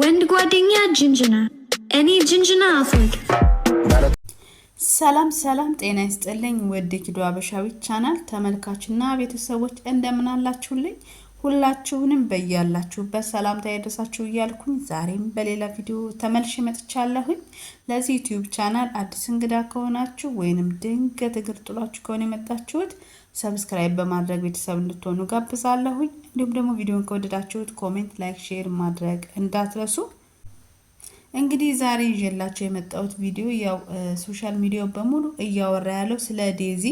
ወንድ ጓደኛ ጅንጅና፣ እኔ ጅንጅና አፍወግ። ሰላም ሰላም፣ ጤና ይስጥልኝ ውድ ኪዱ አበሻዊ ቻናል ተመልካችና ቤተሰቦች እንደምናላችሁልኝ ሁላችሁንም በያላችሁበት ሰላምታ ያደረሳችሁ እያልኩኝ ዛሬም በሌላ ቪዲዮ ተመልሼ መጥቻለሁኝ። ለዚህ ዩቲዩብ ቻናል አዲስ እንግዳ ከሆናችሁ ወይንም ድንገት እግር ጥሏችሁ ከሆነ የመጣችሁት ሰብስክራይብ በማድረግ ቤተሰብ እንድትሆኑ ጋብዛለሁኝ። እንዲሁም ደግሞ ቪዲዮን ከወደዳችሁት ኮሜንት፣ ላይክ፣ ሼር ማድረግ እንዳትረሱ። እንግዲህ ዛሬ ይዤላቸው የመጣሁት ቪዲዮ ያው ሶሻል ሚዲያው በሙሉ እያወራ ያለው ስለ ዴዚ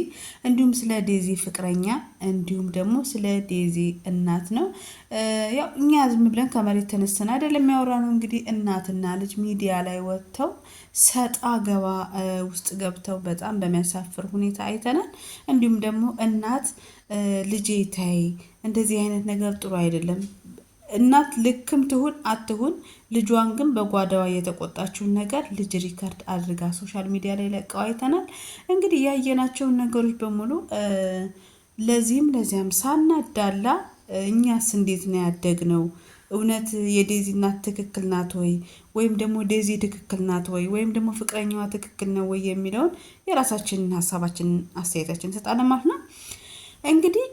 እንዲሁም ስለ ዴዚ ፍቅረኛ እንዲሁም ደግሞ ስለ ዴዚ እናት ነው። ያው እኛ ዝም ብለን ከመሬት ተነስተን አይደለም የሚያወራ ነው። እንግዲህ እናትና ልጅ ሚዲያ ላይ ወጥተው ሰጣ ገባ ውስጥ ገብተው በጣም በሚያሳፍር ሁኔታ አይተናል። እንዲሁም ደግሞ እናት ልጄ ታይ እንደዚህ አይነት ነገር ጥሩ አይደለም እናት ልክም ትሁን አትሁን ልጇን ግን በጓዳዋ የተቆጣችውን ነገር ልጅ ሪከርድ አድርጋ ሶሻል ሚዲያ ላይ ለቀው አይተናል። እንግዲህ ያየናቸውን ነገሮች በሙሉ ለዚህም ለዚያም ሳናዳላ እኛስ እንዴት ነው ያደግነው? እውነት የዴዚ እናት ትክክል ናት ወይ ወይም ደግሞ ዴዚ ትክክል ናት ወይ ወይም ደግሞ ፍቅረኛዋ ትክክል ነው ወይ የሚለውን የራሳችንን ሀሳባችንን አስተያየታችን እንሰጣለን ማለት ነው እንግዲህ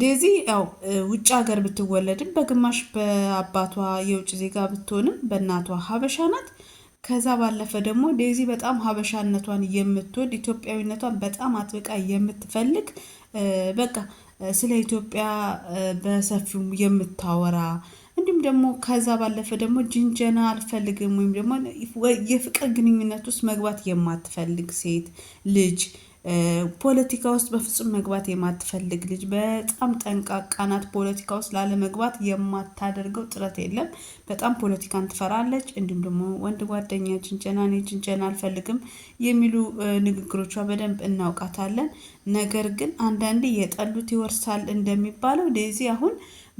ዴዚ ያው ውጭ ሀገር ብትወለድም በግማሽ በአባቷ የውጭ ዜጋ ብትሆንም በእናቷ ሀበሻ ናት። ከዛ ባለፈ ደግሞ ዴዚ በጣም ሀበሻነቷን የምትወድ ኢትዮጵያዊነቷን በጣም አጥብቃ የምትፈልግ በቃ ስለ ኢትዮጵያ በሰፊው የምታወራ እንዲሁም ደግሞ ከዛ ባለፈ ደግሞ ጅንጀና አልፈልግም ወይም ደግሞ የፍቅር ግንኙነት ውስጥ መግባት የማትፈልግ ሴት ልጅ ፖለቲካ ውስጥ በፍጹም መግባት የማትፈልግ ልጅ በጣም ጠንቃቃ ናት። ፖለቲካ ውስጥ ላለመግባት የማታደርገው ጥረት የለም። በጣም ፖለቲካን ትፈራለች። እንዲሁም ደግሞ ወንድ ጓደኛ ችንጨና፣ እኔ ችንጨና አልፈልግም የሚሉ ንግግሮቿ በደንብ እናውቃታለን። ነገር ግን አንዳንዴ የጠሉት ይወርሳል እንደሚባለው ዴዚ አሁን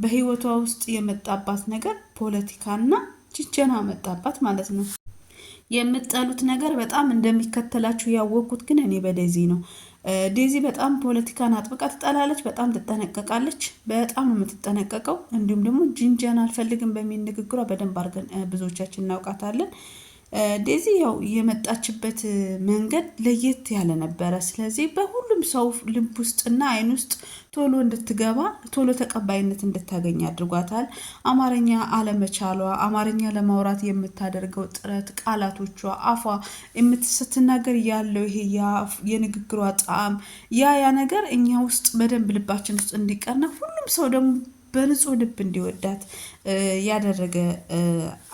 በህይወቷ ውስጥ የመጣባት ነገር ፖለቲካና ችንጨና መጣባት ማለት ነው። የምትጠሉት ነገር በጣም እንደሚከተላችሁ ያወቅኩት ግን እኔ በዴዚ ነው። ዴዚ በጣም ፖለቲካን አጥብቃ ትጠላለች። በጣም ትጠነቀቃለች። በጣም ነው የምትጠነቀቀው። እንዲሁም ደግሞ ጅንጃን አልፈልግም በሚል ንግግሯ በደንብ አድርገን ብዙዎቻችን እናውቃታለን። ዴዚ ያው የመጣችበት መንገድ ለየት ያለ ነበረ። ስለዚህ በሁሉም ሰው ልብ ውስጥና አይን ውስጥ ቶሎ እንድትገባ ቶሎ ተቀባይነት እንድታገኝ አድርጓታል። አማርኛ አለመቻሏ፣ አማርኛ ለማውራት የምታደርገው ጥረት፣ ቃላቶቿ፣ አፏ ስትናገር ያለው ይሄ የንግግሯ ጣዕም ያ ያ ነገር እኛ ውስጥ በደንብ ልባችን ውስጥ እንዲቀርና ሁሉም ሰው ደግሞ በንጹህ ልብ እንዲወዳት ያደረገ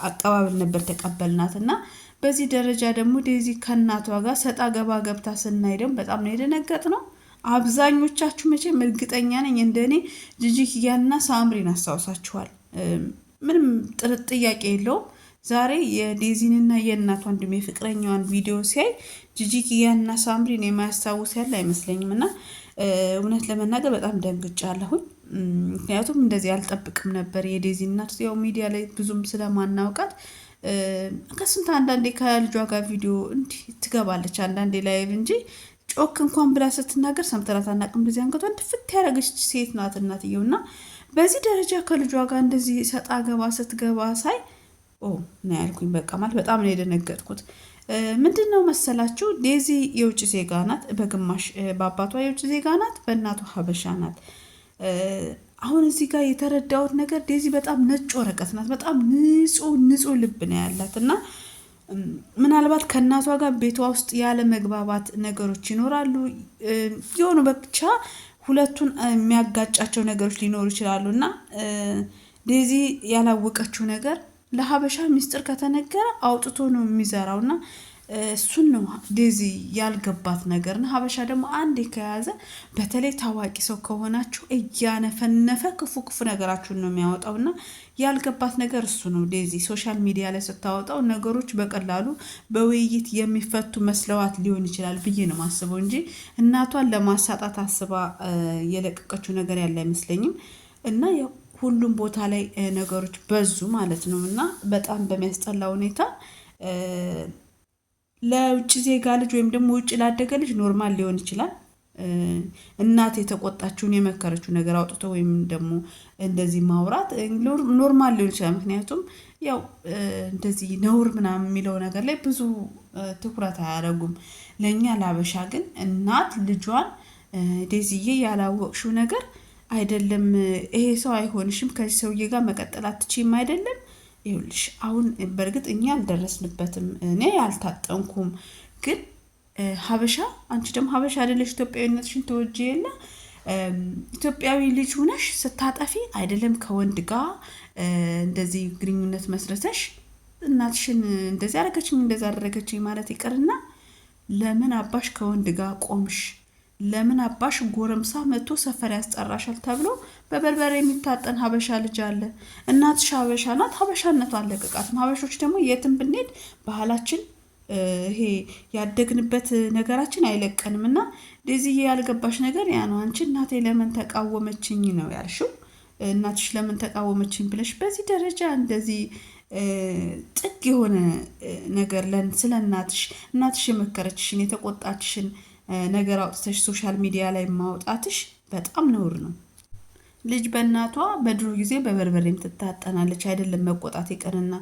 አቀባበል ነበር ተቀበልናት እና በዚህ ደረጃ ደግሞ ዴዚ ከእናቷ ጋር ሰጣ ገባ ገብታ ስናይ ደግሞ በጣም ነው የደነገጥ ነው። አብዛኞቻችሁ መቼም እርግጠኛ ነኝ እንደኔ እኔ ጂጂኪያና ሳምሪን አስታውሳችኋል። ምንም ጥርጥ ጥያቄ የለውም። ዛሬ የዴዚንና የእናት ወንድሜ ፍቅረኛዋን ቪዲዮ ሲያይ ጂጂኪያና ሳምሪን የማያስታውስ ያለ አይመስለኝም። እና እውነት ለመናገር በጣም ደንግጫለሁኝ። ምክንያቱም እንደዚህ አልጠብቅም ነበር። የዴዚን እናት ያው ሚዲያ ላይ ብዙም ስለማናውቃት ከስንት አንዳንዴ ከልጇ ጋር ቪዲዮ እንዲህ ትገባለች፣ አንዳንዴ ላይቭ እንጂ ጮክ እንኳን ብላ ስትናገር ሰምተናት አናውቅም። እንደዚህ አንገቷን ትፍት ያደረገች ሴት ናት እናትየው። እና በዚህ ደረጃ ከልጇ ጋር እንደዚህ ሰጣ ገባ ስትገባ ሳይ ና ያልኩኝ። በቃ ማለት በጣም ነው የደነገጥኩት። ምንድን ነው መሰላችሁ ዴዚ የውጭ ዜጋ ናት፣ በግማሽ በአባቷ የውጭ ዜጋ ናት፣ በእናቷ ሀበሻ ናት። አሁን እዚህ ጋር የተረዳሁት ነገር ዴዚ በጣም ነጭ ወረቀት ናት። በጣም ንጹህ ንጹህ ልብ ነው ያላት እና ምናልባት ከእናቷ ጋር ቤቷ ውስጥ ያለ መግባባት ነገሮች ይኖራሉ። የሆኑ ብቻ ሁለቱን የሚያጋጫቸው ነገሮች ሊኖሩ ይችላሉ እና ዴዚ ያላወቀችው ነገር ለሀበሻ ሚስጥር ከተነገረ አውጥቶ ነው የሚዘራው እና እሱን ነው ዴዚ ያልገባት ነገር እና ሀበሻ ደግሞ አንዴ ከያዘ በተለይ ታዋቂ ሰው ከሆናችሁ እያነፈነፈ ክፉ ክፉ ነገራችሁን ነው የሚያወጣው እና ያልገባት ነገር እሱ ነው። ዴዚ ሶሻል ሚዲያ ላይ ስታወጣው ነገሮች በቀላሉ በውይይት የሚፈቱ መስለዋት ሊሆን ይችላል ብዬ ነው ማስበው እንጂ እናቷን ለማሳጣት አስባ የለቀቀችው ነገር ያለ አይመስለኝም እና ያው ሁሉም ቦታ ላይ ነገሮች በዙ ማለት ነው እና በጣም በሚያስጠላ ሁኔታ ለውጭ ዜጋ ልጅ ወይም ደግሞ ውጭ ላደገ ልጅ ኖርማል ሊሆን ይችላል። እናት የተቆጣችውን የመከረችው ነገር አውጥቶ ወይም ደግሞ እንደዚህ ማውራት ኖርማል ሊሆን ይችላል። ምክንያቱም ያው እንደዚህ ነውር ምናምን የሚለው ነገር ላይ ብዙ ትኩረት አያደርጉም። ለእኛ ላበሻ ግን እናት ልጇን ዴዚዬ ያላወቅሽው ነገር አይደለም ይሄ ሰው አይሆንሽም፣ ከዚህ ሰውዬ ጋር መቀጠል አትችይም አይደለም። ይኸውልሽ አሁን በእርግጥ እኛ አልደረስንበትም፣ እኔ አልታጠንኩም፣ ግን ሀበሻ አንቺ ደግሞ ሀበሻ አይደለሽ፣ ኢትዮጵያዊነትሽን ተወጂ የለ ኢትዮጵያዊ ልጅ ሁነሽ ስታጠፊ አይደለም ከወንድ ጋር እንደዚህ ግንኙነት መስረተሽ እናትሽን እንደዚህ አደረገችኝ እንደዚህ አደረገችኝ ማለት ይቅርና ለምን አባሽ ከወንድ ጋር ቆምሽ? ለምን አባሽ ጎረምሳ መጥቶ ሰፈር ያስጠራሻል? ተብሎ በበርበሬ የሚታጠን ሀበሻ ልጅ አለ። እናትሽ ሀበሻ ናት። ሀበሻነቱ አለቀቃትም። ሀበሾች ደግሞ የትም ብንሄድ ባህላችን፣ ይሄ ያደግንበት ነገራችን አይለቀንም እና ዴዚዬ ያልገባሽ ነገር ያ ነው። አንቺ እናቴ ለምን ተቃወመችኝ ነው ያልሽው። እናትሽ ለምን ተቃወመችኝ ብለሽ በዚህ ደረጃ እንደዚህ ጥግ የሆነ ነገር ስለ እናትሽ እናትሽ የመከረችሽን የተቆጣችሽን ነገር አውጥተሽ ሶሻል ሚዲያ ላይ ማውጣትሽ በጣም ነውር ነው። ልጅ በእናቷ በድሮ ጊዜ በበርበሬም ትታጠናለች አይደለም መቆጣት የቀርና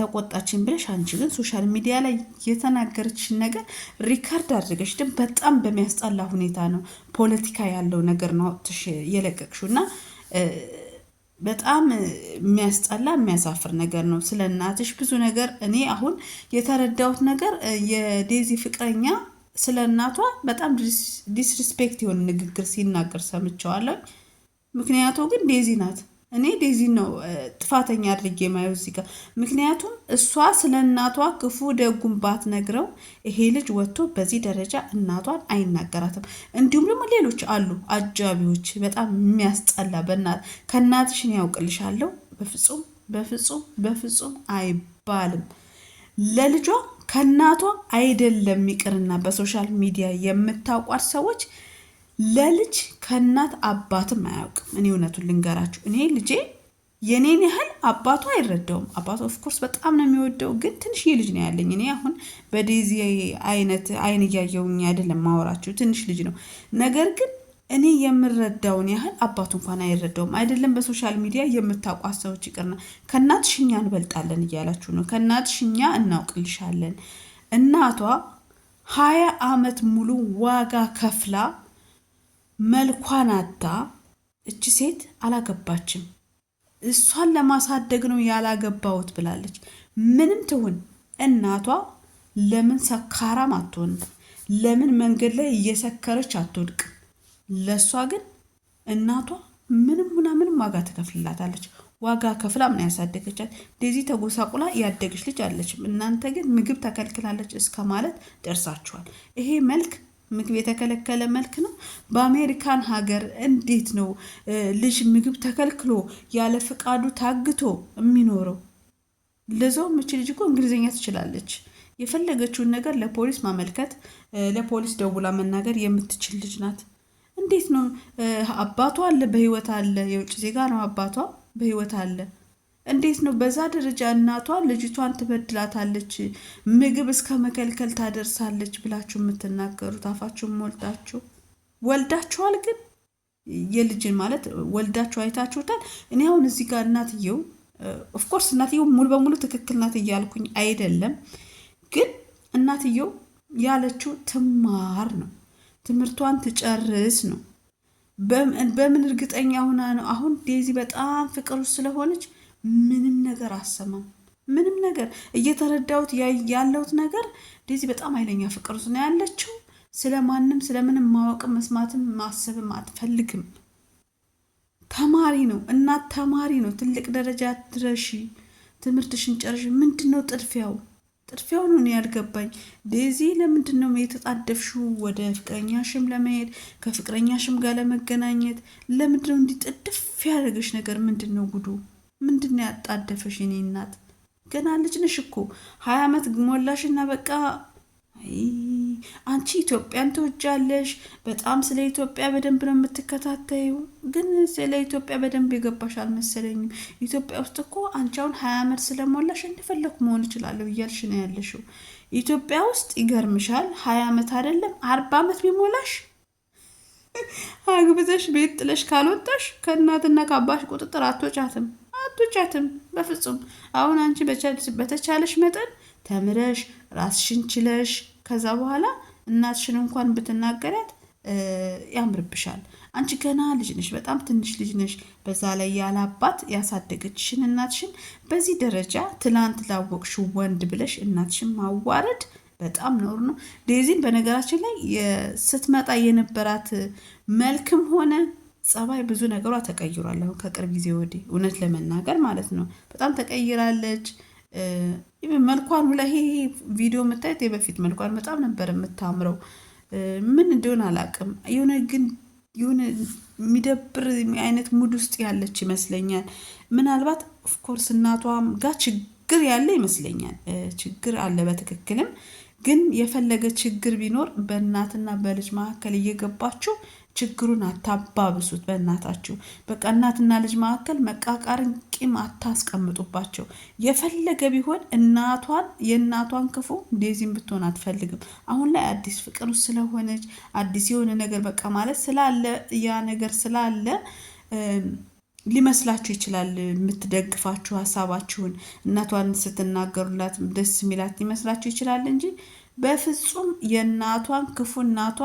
ተቆጣችን ብለሽ አንቺ ግን ሶሻል ሚዲያ ላይ የተናገረችን ነገር ሪካርድ አድርገሽ ግን በጣም በሚያስጠላ ሁኔታ ነው ፖለቲካ ያለው ነገር ነው አውጥተሽ የለቀቅሽው እና በጣም የሚያስጠላ የሚያሳፍር ነገር ነው። ስለ እናትሽ ብዙ ነገር እኔ አሁን የተረዳሁት ነገር የዴዚ ፍቅረኛ ስለ እናቷ በጣም ዲስሪስፔክት የሆነ ንግግር ሲናገር ሰምቸዋለን። ምክንያቱ ግን ዴዚ ናት። እኔ ዴዚ ነው ጥፋተኛ አድርጌ የማየው እዚህ ጋር። ምክንያቱም እሷ ስለ እናቷ ክፉ ደጉን ባትነግረው ይሄ ልጅ ወጥቶ በዚህ ደረጃ እናቷን አይናገራትም። እንዲሁም ደግሞ ሌሎች አሉ አጃቢዎች። በጣም የሚያስጠላ በእናት ከእናትሽን እኔ ያውቅልሻለሁ በፍጹም በፍጹም በፍጹም አይባልም ለልጇ ከእናቷ አይደለም ይቅርና በሶሻል ሚዲያ የምታውቋት ሰዎች ለልጅ ከእናት አባትም አያውቅም። እኔ እውነቱን ልንገራችሁ፣ እኔ ልጄ የኔን ያህል አባቱ አይረዳውም። አባቱ ኦፍኮርስ በጣም ነው የሚወደው፣ ግን ትንሽዬ ልጅ ነው ያለኝ። እኔ አሁን በዴዚ አይነት አይን እያየውኝ አይደለም ማወራችሁ፣ ትንሽ ልጅ ነው። ነገር ግን እኔ የምረዳውን ያህል አባቱ እንኳን አይረዳውም። አይደለም በሶሻል ሚዲያ የምታውቋት ሰዎች ይቅርና ከእናት ሽኛ እንበልጣለን እያላችሁ ነው። ከእናትሽ እኛ እናውቅልሻለን። እናቷ ሀያ አመት ሙሉ ዋጋ ከፍላ መልኳን አታ እቺ ሴት አላገባችም፣ እሷን ለማሳደግ ነው ያላገባሁት ብላለች። ምንም ትሁን እናቷ ለምን ሰካራም አትሆንም? ለምን መንገድ ላይ እየሰከረች አትወድቅ? ለእሷ ግን እናቷ ምንም ሆና ምንም ዋጋ ትከፍልላታለች። ዋጋ ከፍላ ምን ያሳደገቻት ዴዚ ተጎሳቁላ ያደገች ልጅ አለችም። እናንተ ግን ምግብ ተከልክላለች እስከ ማለት ደርሳችኋል። ይሄ መልክ ምግብ የተከለከለ መልክ ነው። በአሜሪካን ሀገር እንዴት ነው ልጅ ምግብ ተከልክሎ ያለ ፍቃዱ ታግቶ የሚኖረው? ለዛው ምች ልጅ እኮ እንግሊዝኛ ትችላለች። የፈለገችውን ነገር ለፖሊስ ማመልከት፣ ለፖሊስ ደውላ መናገር የምትችል ልጅ ናት። እንዴት ነው አባቷ አለ በህይወት አለ የውጭ ዜጋ ነው አባቷ በህይወት አለ እንዴት ነው በዛ ደረጃ እናቷ ልጅቷን ትበድላታለች ምግብ እስከ መከልከል ታደርሳለች ብላችሁ የምትናገሩት አፋችሁን ሞልታችሁ ወልዳችኋል ግን የልጅን ማለት ወልዳችሁ አይታችሁታል እኔ አሁን እዚህ ጋር እናትየው ኦፍኮርስ እናትየው ሙሉ በሙሉ ትክክል ናት እያልኩኝ አይደለም ግን እናትየው ያለችው ትማር ነው ትምህርቷን ትጨርስ ነው። በምን እርግጠኛ ሆና ነው? አሁን ዴዚ በጣም ፍቅር ውስጥ ስለሆነች ምንም ነገር አሰማም። ምንም ነገር እየተረዳሁት ያለሁት ነገር ዴዚ በጣም ኃይለኛ ፍቅር ውስጥ ነው ያለችው። ስለማንም ስለምንም ማወቅም መስማትም ማሰብም አትፈልግም። ተማሪ ነው እናት ተማሪ ነው። ትልቅ ደረጃ ትረሺ፣ ትምህርትሽን ጨርሽ። ምንድን ነው ጥድፊያው? ጥድፊያውኑ ነው ያልገባኝ። ዴዚ ለምንድን ነው የተጣደፍሽው? ወደ ፍቅረኛሽም ለመሄድ ከፍቅረኛሽም ጋር ለመገናኘት ለምንድን ነው እንዲህ ጥድፍ ያደረገሽ ነገር? ምንድን ነው ጉዱ? ምንድን ነው ያጣደፈሽ? እኔ እናት ገና ልጅ ነሽ እኮ ሀያ ዓመት ሞላሽና በቃ አንቺ ኢትዮጵያን ትወጃለሽ፣ በጣም ስለ ኢትዮጵያ በደንብ ነው የምትከታተዩ፣ ግን ስለ ኢትዮጵያ በደንብ የገባሽ አልመሰለኝም። ኢትዮጵያ ውስጥ እኮ አንቺ አሁን ሀያ ዓመት ስለሞላሽ እንደፈለኩ መሆን እችላለሁ እያልሽ ነው ያለሽው። ኢትዮጵያ ውስጥ ይገርምሻል፣ ሀያ ዓመት አይደለም አርባ ዓመት ቢሞላሽ አግብተሽ ቤት ጥለሽ ካልወጣሽ ከእናትና ከአባሽ ቁጥጥር አትወጫትም አትወጫትም በፍጹም። አሁን አንቺ በተቻለሽ መጠን ተምረሽ ራስሽን ችለሽ ከዛ በኋላ እናትሽን እንኳን ብትናገሪያት ያምርብሻል። አንቺ ገና ልጅ ነሽ፣ በጣም ትንሽ ልጅ ነሽ። በዛ ላይ ያለ አባት ያሳደገችሽን እናትሽን በዚህ ደረጃ ትላንት ላወቅሽ ወንድ ብለሽ እናትሽን ማዋረድ በጣም ነውር ነው። ዴዚን በነገራችን ላይ ስትመጣ የነበራት መልክም ሆነ ጸባይ፣ ብዙ ነገሯ ተቀይሯል። አሁን ከቅርብ ጊዜ ወዲህ እውነት ለመናገር ማለት ነው በጣም ተቀይራለች። መልኳን ላይ ይሄ ቪዲዮ የምታየት የበፊት መልኳን በጣም ነበር የምታምረው። ምን እንደሆነ አላውቅም። የሆነ ግን የሆነ የሚደብር አይነት ሙድ ውስጥ ያለች ይመስለኛል። ምናልባት ኦፍኮርስ እናቷም ጋር ችግር ያለ ይመስለኛል። ችግር አለ በትክክልም። ግን የፈለገ ችግር ቢኖር በእናትና በልጅ መካከል እየገባችው ችግሩን አታባብሱት በእናታችሁ። በቃ እናትና ልጅ መካከል መቃቃርን ቂም አታስቀምጡባቸው። የፈለገ ቢሆን እናቷን የእናቷን ክፉ እንደዚህም ብትሆን አትፈልግም። አሁን ላይ አዲስ ፍቅር ውስጥ ስለሆነች አዲስ የሆነ ነገር በቃ ማለት ስላለ ያ ነገር ስላለ ሊመስላችሁ ይችላል። የምትደግፋችሁ ሀሳባችሁን እናቷን ስትናገሩላት ደስ የሚላት ሊመስላችሁ ይችላል እንጂ በፍጹም የእናቷን ክፉ እናቷ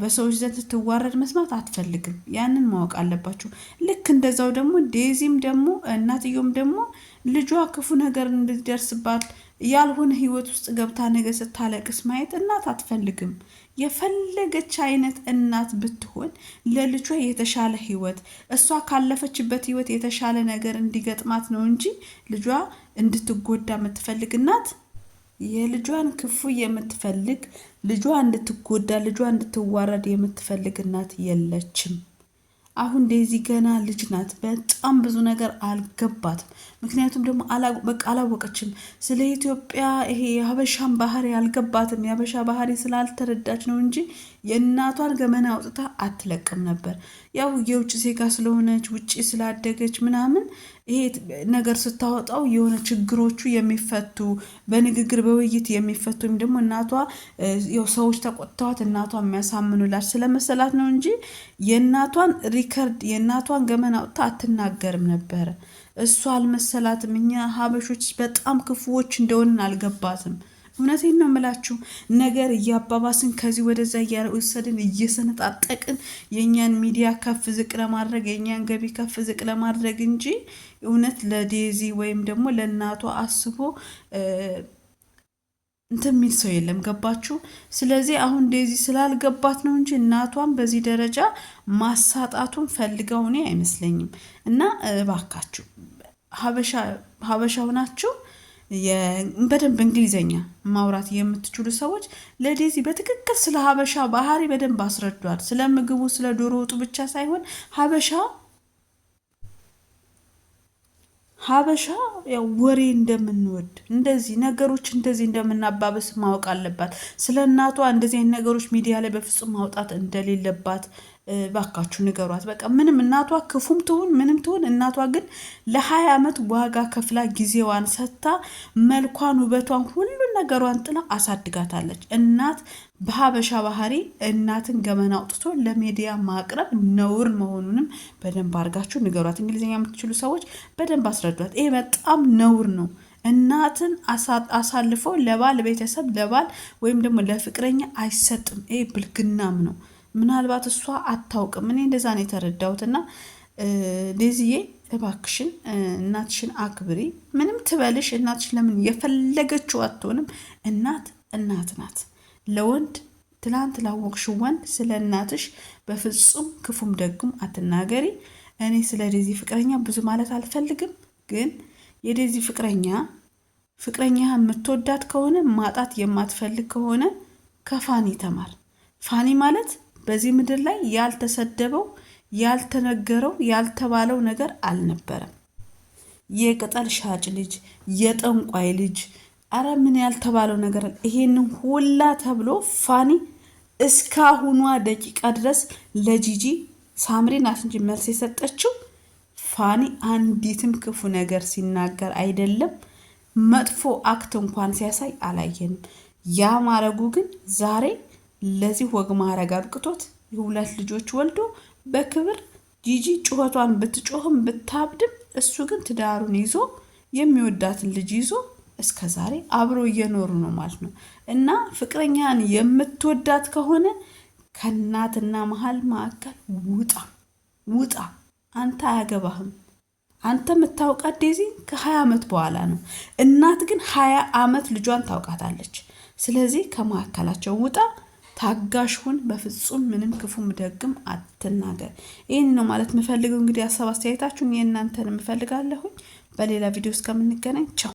በሰዎች ዘንድ ስትዋረድ መስማት አትፈልግም። ያንን ማወቅ አለባችሁ። ልክ እንደዛው ደግሞ ዴዚም ደግሞ እናትዮም ደግሞ ልጇ ክፉ ነገር እንዲደርስባት ያልሆነ ህይወት ውስጥ ገብታ ነገ ስታለቅስ ማየት እናት አትፈልግም። የፈለገች አይነት እናት ብትሆን ለልጇ የተሻለ ህይወት እሷ ካለፈችበት ህይወት የተሻለ ነገር እንዲገጥማት ነው እንጂ ልጇ እንድትጎዳ የምትፈልግ እናት የልጇን ክፉ የምትፈልግ ልጇ እንድትጎዳ ልጇ እንድትዋረድ የምትፈልግ እናት የለችም። አሁን ዴዚ ገና ልጅ ናት። በጣም ብዙ ነገር አልገባትም። ምክንያቱም ደግሞ በቃ አላወቀችም። ስለ ኢትዮጵያ ይሄ የሀበሻን ባህሪ አልገባትም። የሀበሻ ባህሪ ስላልተረዳች ነው እንጂ የእናቷን ገመና አውጥታ አትለቅም ነበር። ያው የውጭ ዜጋ ስለሆነች ውጭ ስላደገች ምናምን ይሄ ነገር ስታወጣው የሆነ ችግሮቹ የሚፈቱ በንግግር በውይይት የሚፈቱ ወይም ደግሞ እናቷ ሰዎች ተቆጥተዋት እናቷ የሚያሳምኑላት ስለመሰላት ነው እንጂ የእናቷን ሪከርድ የእናቷን ገመና አውጥታ አትናገርም ነበረ። እሱ አልመሰላትም። እኛ ሀበሾች በጣም ክፉዎች እንደሆንን አልገባትም። እውነቴን ነው የምላችሁ። ነገር እያባባስን ከዚህ ወደዛ እያወሰድን እየሰነጣጠቅን የእኛን ሚዲያ ከፍ ዝቅ ለማድረግ የእኛን ገቢ ከፍ ዝቅ ለማድረግ እንጂ እውነት ለዴዚ ወይም ደግሞ ለእናቷ አስቦ እንትን የሚል ሰው የለም። ገባችሁ? ስለዚህ አሁን ዴዚ ስላልገባት ነው እንጂ እናቷን በዚህ ደረጃ ማሳጣቱን ፈልገው እኔ አይመስለኝም። እና እባካችሁ ሀበሻው ሁናችሁ በደንብ እንግሊዘኛ ማውራት የምትችሉ ሰዎች ለዴዚ በትክክል ስለ ሀበሻ ባህሪ በደንብ አስረዷል። ስለ ምግቡ፣ ስለ ዶሮ ወጡ ብቻ ሳይሆን ሀበሻ ሀበሻ ያው ወሬ እንደምንወድ እንደዚህ ነገሮች እንደዚህ እንደምናባበስ ማወቅ አለባት። ስለ እናቷ እንደዚህ አይነት ነገሮች ሚዲያ ላይ በፍጹም ማውጣት እንደሌለባት ባካችሁ ንገሯት። በቃ ምንም እናቷ ክፉም ትሁን ምንም ትሁን እናቷ ግን ለሀያ ዓመት ዋጋ ከፍላ ጊዜዋን ሰጥታ መልኳን፣ ውበቷን፣ ሁሉን ነገሯን ጥላ አሳድጋታለች። እናት በሀበሻ ባህሪ እናትን ገመና አውጥቶ ለሚዲያ ማቅረብ ነውር መሆኑንም በደንብ አድርጋችሁ ንገሯት። እንግሊዝኛ የምትችሉ ሰዎች በደንብ አስረዷት። ይሄ በጣም ነውር ነው። እናትን አሳልፎ ለባል ቤተሰብ ለባል ወይም ደግሞ ለፍቅረኛ አይሰጥም። ይሄ ብልግናም ነው። ምናልባት እሷ አታውቅም። እኔ እንደዛ ነው እና ዴዚዬ እባክሽን እናትሽን አክብሪ። ምንም ትበልሽ እናትሽን ለምን የፈለገችው አትሆንም። እናት እናት ናት። ለወንድ ትላንት ላወቅሽ ወንድ ስለ እናትሽ በፍጹም ክፉም ደግም አትናገሪ። እኔ ስለ ዴዚ ፍቅረኛ ብዙ ማለት አልፈልግም፣ ግን የዴዚ ፍቅረኛ ፍቅረኛ የምትወዳት ከሆነ ማጣት የማትፈልግ ከሆነ ከፋኒ ተማር። ፋኒ ማለት በዚህ ምድር ላይ ያልተሰደበው ያልተነገረው ያልተባለው ነገር አልነበረም። የቅጠል ሻጭ ልጅ፣ የጠንቋይ ልጅ፣ አረ ምን ያልተባለው ነገር ይሄንን ሁላ ተብሎ ፋኒ እስካሁኗ ደቂቃ ድረስ ለጂጂ ሳምሪ ናት እንጂ መልስ የሰጠችው ፋኒ አንዲትም ክፉ ነገር ሲናገር አይደለም መጥፎ አክት እንኳን ሲያሳይ አላየንም። ያ ማረጉ ግን ዛሬ ለዚህ ወግ ማዕረግ አብቅቶት የሁለት ልጆች ወልዶ በክብር ጂጂ ጩኸቷን ብትጮህም ብታብድም እሱ ግን ትዳሩን ይዞ የሚወዳትን ልጅ ይዞ እስከ ዛሬ አብሮ እየኖሩ ነው ማለት ነው። እና ፍቅረኛን የምትወዳት ከሆነ ከእናትና መሀል መካከል ውጣ ውጣ። አንተ አያገባህም። አንተ የምታውቃት ዴዚ ከሀያ ዓመት በኋላ ነው። እናት ግን ሀያ ዓመት ልጇን ታውቃታለች። ስለዚህ ከመካከላቸው ውጣ። ታጋሽ ሁን። በፍጹም ምንም ክፉም ደግም አትናገር። ይህን ነው ማለት የምፈልገው። እንግዲህ ሀሳብ አስተያየታችሁን የእናንተን የምፈልጋለሁኝ። በሌላ ቪዲዮ እስከምንገናኝ ቻው።